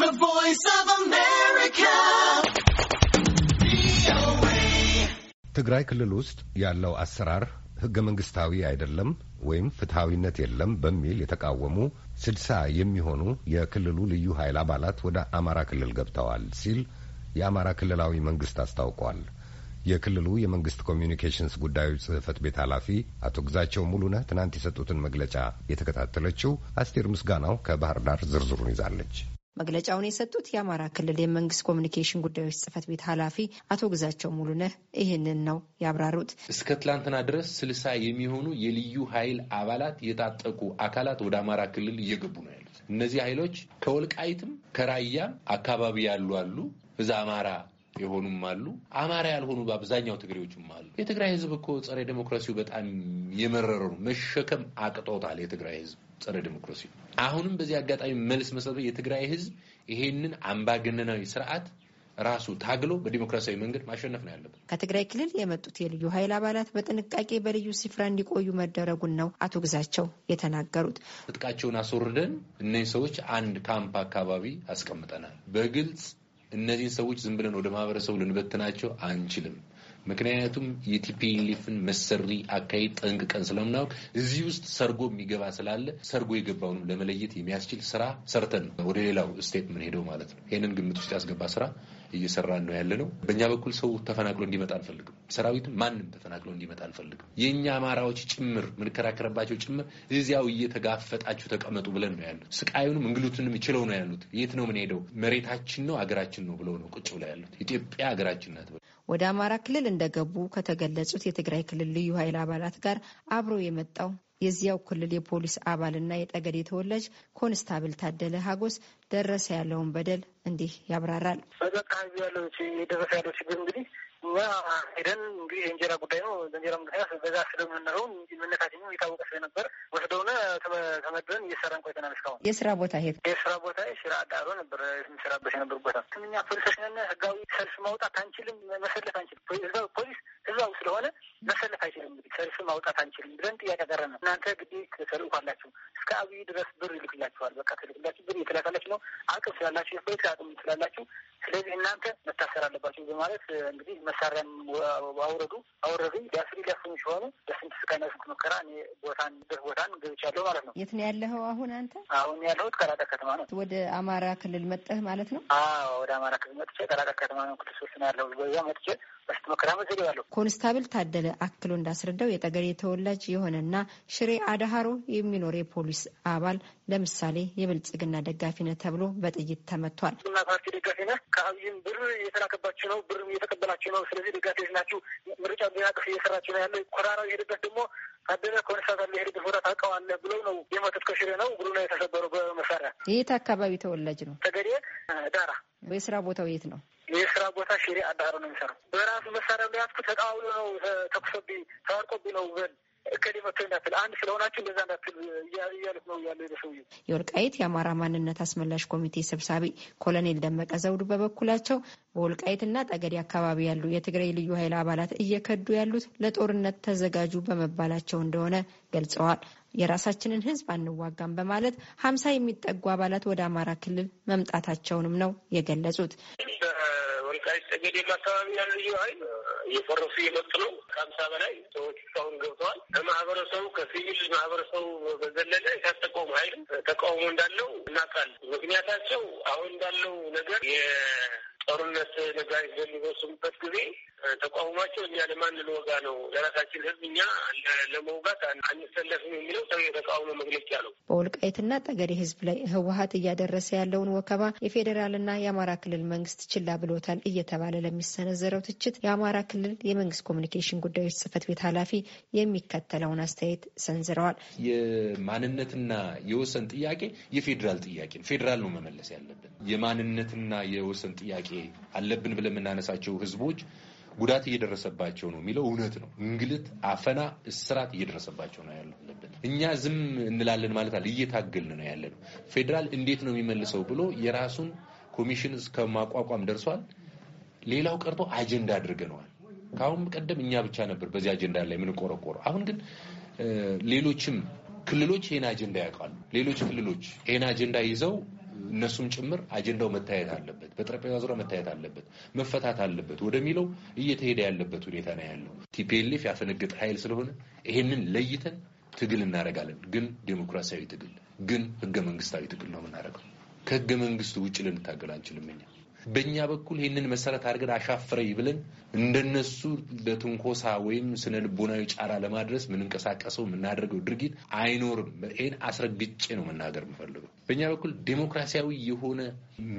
The Voice of America. ትግራይ ክልል ውስጥ ያለው አሰራር ህገ መንግስታዊ አይደለም ወይም ፍትሐዊነት የለም በሚል የተቃወሙ ስድሳ የሚሆኑ የክልሉ ልዩ ኃይል አባላት ወደ አማራ ክልል ገብተዋል ሲል የአማራ ክልላዊ መንግስት አስታውቋል። የክልሉ የመንግስት ኮሚዩኒኬሽንስ ጉዳዮች ጽህፈት ቤት ኃላፊ አቶ ግዛቸው ሙሉነህ ትናንት የሰጡትን መግለጫ የተከታተለችው አስቴር ምስጋናው ከባህር ዳር ዝርዝሩን ይዛለች። መግለጫውን የሰጡት የአማራ ክልል የመንግስት ኮሚኒኬሽን ጉዳዮች ጽህፈት ቤት ኃላፊ አቶ ግዛቸው ሙሉነህ ይህንን ነው ያብራሩት። እስከ ትላንትና ድረስ ስልሳ የሚሆኑ የልዩ ኃይል አባላት የታጠቁ አካላት ወደ አማራ ክልል እየገቡ ነው ያሉት። እነዚህ ኃይሎች ከወልቃይትም ከራያም አካባቢ ያሉ አሉ እዛ አማራ የሆኑም አሉ፣ አማራ ያልሆኑ በአብዛኛው ትግሬዎችም አሉ። የትግራይ ህዝብ እኮ ጸረ ዴሞክራሲው በጣም የመረረ ነው፣ መሸከም አቅጦታል። የትግራይ ህዝብ ጸረ ዴሞክራሲ አሁንም በዚህ አጋጣሚ መልስ መሰ የትግራይ ህዝብ ይሄንን አምባገነናዊ ስርዓት ራሱ ታግሎ በዲሞክራሲያዊ መንገድ ማሸነፍ ነው ያለበት። ከትግራይ ክልል የመጡት የልዩ ኃይል አባላት በጥንቃቄ በልዩ ስፍራ እንዲቆዩ መደረጉን ነው አቶ ግዛቸው የተናገሩት። ትጥቃቸውን አስወርደን እነዚህ ሰዎች አንድ ካምፕ አካባቢ አስቀምጠናል። በግልጽ እነዚህን ሰዎች ዝም ብለን ወደ ማህበረሰቡ ልንበትናቸው አንችልም። ምክንያቱም የቲፒኤልኤፍን መሰሪ አካሄድ ጠንቅቀን ስለምናውቅ እዚህ ውስጥ ሰርጎ የሚገባ ስላለ ሰርጎ የገባውንም ለመለየት የሚያስችል ስራ ሰርተን ወደ ሌላው ስቴት ምን ሄደው ማለት ነው። ይህንን ግምት ውስጥ ያስገባ ስራ እየሰራን ነው ያለ ነው። በእኛ በኩል ሰው ተፈናቅሎ እንዲመጣ አልፈልግም። ሰራዊትም ማንም ተፈናቅሎ እንዲመጣ አልፈልግም። የእኛ አማራዎች ጭምር የምንከራከርባቸው ጭምር እዚያው እየተጋፈጣችሁ ተቀመጡ ብለን ነው ያሉት። ስቃዩንም እንግሉትንም ችለው ነው ያሉት። የት ነው ምን ሄደው መሬታችን ነው አገራችን ነው ብለው ነው ቁጭ ብለው ያሉት። ኢትዮጵያ ሀገራችን ናት። ወደ አማራ ክልል እንደገቡ ከተገለጹት የትግራይ ክልል ልዩ ኃይል አባላት ጋር አብሮ የመጣው የዚያው ክልል የፖሊስ አባልና የጠገዴ ተወላጅ ኮንስታብል ታደለ ሀጎስ ደረሰ ያለውን በደል እንዲህ ያብራራል። በቃ ያለው የደረሰ ያለው ችግር እንግዲህ እኛ ሄደን እንግዲህ የእንጀራ ጉዳይ ነው። በእንጀራ ምክንያት በዛ ስለምንነው መነታችን የታወቀ ስለነበር ወስደውነ ተመድበን እየሰራን ቆይተናል። እስካሁን የስራ ቦታ ሄድ የስራ ቦታ ስራ አዳሮ ነበር የሚሰራበት የነበሩ ቦታ እኛ ፖሊሶች ነን። ህጋዊ ሰልፍ ማውጣት አንችልም፣ መሰለፍ አንችልም። ፖሊስ ህዝባዊ ስለሆነ መሰለፍ አይችልም። እንግዲህ ሰልፍ ማውጣት አንችልም ብለን ጥያቄ ቀረ ነው። እናንተ እንግዲህ ተልእኮ አላችሁ፣ እስከ አብይ ድረስ ብር ይልክላችኋል። በቃ ትልክላችሁ ብር ይትላካላችሁ ነው። አቅም ስላላችሁ፣ የፖለቲካ አቅም ስላላችሁ፣ ስለዚህ እናንተ መታሰር አለባችሁ በማለት እንግዲህ መሳሪያም አውረዱ አውረዱኝ ሊያስሪ ሊያስኝ ሲሆኑ ለስንት ስቃይና ስንት መከራ እኔ ቦታን ድር ቦታን ገብቻለሁ ማለት ነው። የት ነው ያለኸው አሁን አንተ? አሁን ያለሁት ቀራጣ ከተማ ነው። ወደ አማራ ክልል መጠህ ማለት ነው? አዎ ወደ አማራ ክልል መጥቼ ቀራጣ ከተማ ነው ክልል ሶስት ነው ያለሁት። በዛ መጥቼ ኮንስታብል ታደለ አክሎ እንዳስረዳው የጠገዴ ተወላጅ የሆነና ሽሬ አድሃሮ የሚኖር የፖሊስ አባል ለምሳሌ የብልጽግና ደጋፊ ነህ ተብሎ በጥይት ተመቷል። ና ፓርቲ ደጋፊ ነህ፣ ከአብይም ብር እየተላከባችሁ ነው፣ ብር እየተቀበላችሁ ነው፣ ስለዚህ ደጋፊዎች ናችሁ፣ ምርጫ ቢናቅፍ እየሰራችሁ ነው ያለው ኮራራው የሄደበት ደግሞ ታደለ ኮንስታብል የሄደበት ቦታ ታውቀዋለህ ብለው ነው የሞቱት። ከሽሬ ነው፣ እግሩ ነው የተሰበረው በመሳሪያ። የት አካባቢ ተወላጅ ነው? ተገዴ ዳራ። የስራ ቦታው የት ነው? የስራ ቦታ ሽሬ አድሃሮ ነው የሚሰራው። መሳሪያ እንደያዝኩት ተቃውሎ ነው ተኩሶብኝ ተዋርቆብኝ ነው ብል እከሌ መቶ እንዳትል አንድ ስለሆናችሁ እንደዛ እንዳትል እያሉት ነው እያለ ሰውዬው። የወልቃይት የአማራ ማንነት አስመላሽ ኮሚቴ ሰብሳቢ ኮሎኔል ደመቀ ዘውዱ በበኩላቸው በወልቃይትና ጠገዴ አካባቢ ያሉ የትግራይ ልዩ ኃይል አባላት እየከዱ ያሉት ለጦርነት ተዘጋጁ በመባላቸው እንደሆነ ገልጸዋል። የራሳችንን ሕዝብ አንዋጋም በማለት ሀምሳ የሚጠጉ አባላት ወደ አማራ ክልል መምጣታቸውንም ነው የገለጹት። የካቲት ጠገዴም አካባቢ ያሉ ልዩ ኃይል እየፈረሱ እየመጡ ነው። ከሀምሳ በላይ ሰዎች እስካሁን ገብተዋል። ከማህበረሰቡ ከሲቪል ማህበረሰቡ በዘለለ የታጠቀውም ኃይል ተቃውሞ እንዳለው እናውቃለን። ምክንያታቸው አሁን እንዳለው ነገር ጦርነት ነጋሪት በሚበሱበት ጊዜ ተቋቁሟቸው እኛ ለማን ልወጋ ነው፣ ለራሳችን ህዝብ እኛ ለመውጋት አንሰለፍም የሚለው ሰው የተቃውሞ መግለጫ ነው። በወልቃይትና ጠገዴ ህዝብ ላይ ህወሀት እያደረሰ ያለውን ወከባ የፌዴራልና የአማራ ክልል መንግስት ችላ ብሎታል እየተባለ ለሚሰነዘረው ትችት የአማራ ክልል የመንግስት ኮሚኒኬሽን ጉዳዮች ጽህፈት ቤት ኃላፊ የሚከተለውን አስተያየት ሰንዝረዋል። የማንነትና የወሰን ጥያቄ የፌዴራል ጥያቄ ፌዴራል ነው መመለስ ያለብን የማንነትና የወሰን ጥያቄ አለብን ብለን የምናነሳቸው ህዝቦች ጉዳት እየደረሰባቸው ነው የሚለው እውነት ነው። እንግልት፣ አፈና፣ እስራት እየደረሰባቸው ነው ያለው። እኛ ዝም እንላለን ማለት አለ እየታገልን ነው ያለ ነው። ፌዴራል እንዴት ነው የሚመልሰው ብሎ የራሱን ኮሚሽን እስከ ማቋቋም ደርሷል። ሌላው ቀርቶ አጀንዳ አድርገነዋል። ከአሁን ቀደም እኛ ብቻ ነበር በዚህ አጀንዳ ላይ የምንቆረቆረው። አሁን ግን ሌሎችም ክልሎች ይህን አጀንዳ ያውቃሉ። ሌሎች ክልሎች ይህን አጀንዳ ይዘው እነሱም ጭምር አጀንዳው መታየት አለበት፣ በጠረጴዛ ዙሪያ መታየት አለበት፣ መፈታት አለበት ወደሚለው እየተሄደ ያለበት ሁኔታ ነው ያለው። ቲፒኤልኤፍ ያፈነገጠ ኃይል ስለሆነ ይሄንን ለይተን ትግል እናደርጋለን። ግን ዴሞክራሲያዊ ትግል፣ ግን ህገ መንግስታዊ ትግል ነው የምናደርገው። ከህገ መንግስቱ ውጭ ልንታገል አንችልም እኛ በእኛ በኩል ይህንን መሰረት አድርገን አሻፍረኝ ብለን እንደነሱ ለትንኮሳ ወይም ስነ ልቦናዊ ጫራ ለማድረስ የምንንቀሳቀሰው የምናደርገው ድርጊት አይኖርም። ይህን አስረግጬ ነው መናገር የምፈልገው። በእኛ በኩል ዴሞክራሲያዊ የሆነ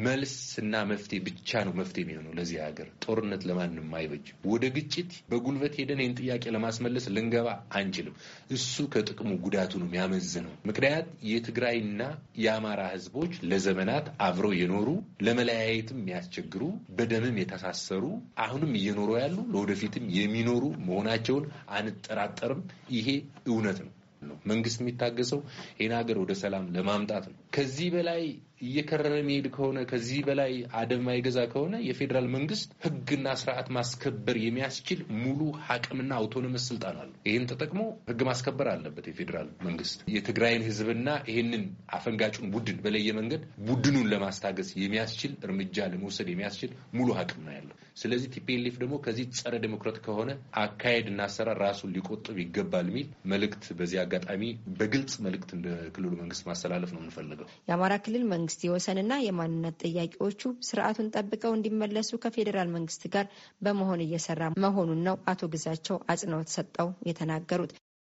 መልስ እና መፍትሄ ብቻ ነው መፍትሄ የሚሆነው ለዚህ ሀገር። ጦርነት ለማንም አይበጅም። ወደ ግጭት በጉልበት ሄደን ይህን ጥያቄ ለማስመለስ ልንገባ አንችልም። እሱ ከጥቅሙ ጉዳቱ ነው የሚያመዝነው። ምክንያት የትግራይና የአማራ ህዝቦች ለዘመናት አብረው የኖሩ ለመለያየትም የሚያስቸግሩ በደምም የተሳሰሩ አሁንም እየኖሩ ያሉ ለወደፊትም የሚኖሩ መሆናቸውን አንጠራጠርም። ይሄ እውነት ነው መንግስት የሚታገሰው ይህን ሀገር ወደ ሰላም ለማምጣት ነው። ከዚህ በላይ እየከረረ የሚሄድ ከሆነ ከዚህ በላይ አደብ ማይገዛ ከሆነ የፌዴራል መንግስት ህግና ስርዓት ማስከበር የሚያስችል ሙሉ አቅምና አውቶኖመስ ስልጣን አለ። ይህን ተጠቅሞ ህግ ማስከበር አለበት የፌዴራል መንግስት። የትግራይን ህዝብና ይህንን አፈንጋጩን ቡድን በለየ መንገድ ቡድኑን ለማስታገስ የሚያስችል እርምጃ ለመውሰድ የሚያስችል ሙሉ አቅም ነው ያለው። ስለዚህ ቲፒኤልኤፍ ደግሞ ከዚህ ጸረ ዴሞክራት ከሆነ አካሄድና አሰራር ራሱን ሊቆጥብ ይገባል የሚል መልእክት በዚህ አጋጣሚ በግልጽ መልእክት እንደ ክልሉ መንግስት ማስተላለፍ ነው የምንፈልገው። የአማራ ክልል መንግስት የወሰንና የማንነት ጥያቄዎቹ ስርዓቱን ጠብቀው እንዲመለሱ ከፌዴራል መንግስት ጋር በመሆን እየሰራ መሆኑን ነው አቶ ግዛቸው አጽንኦት ሰጠው የተናገሩት።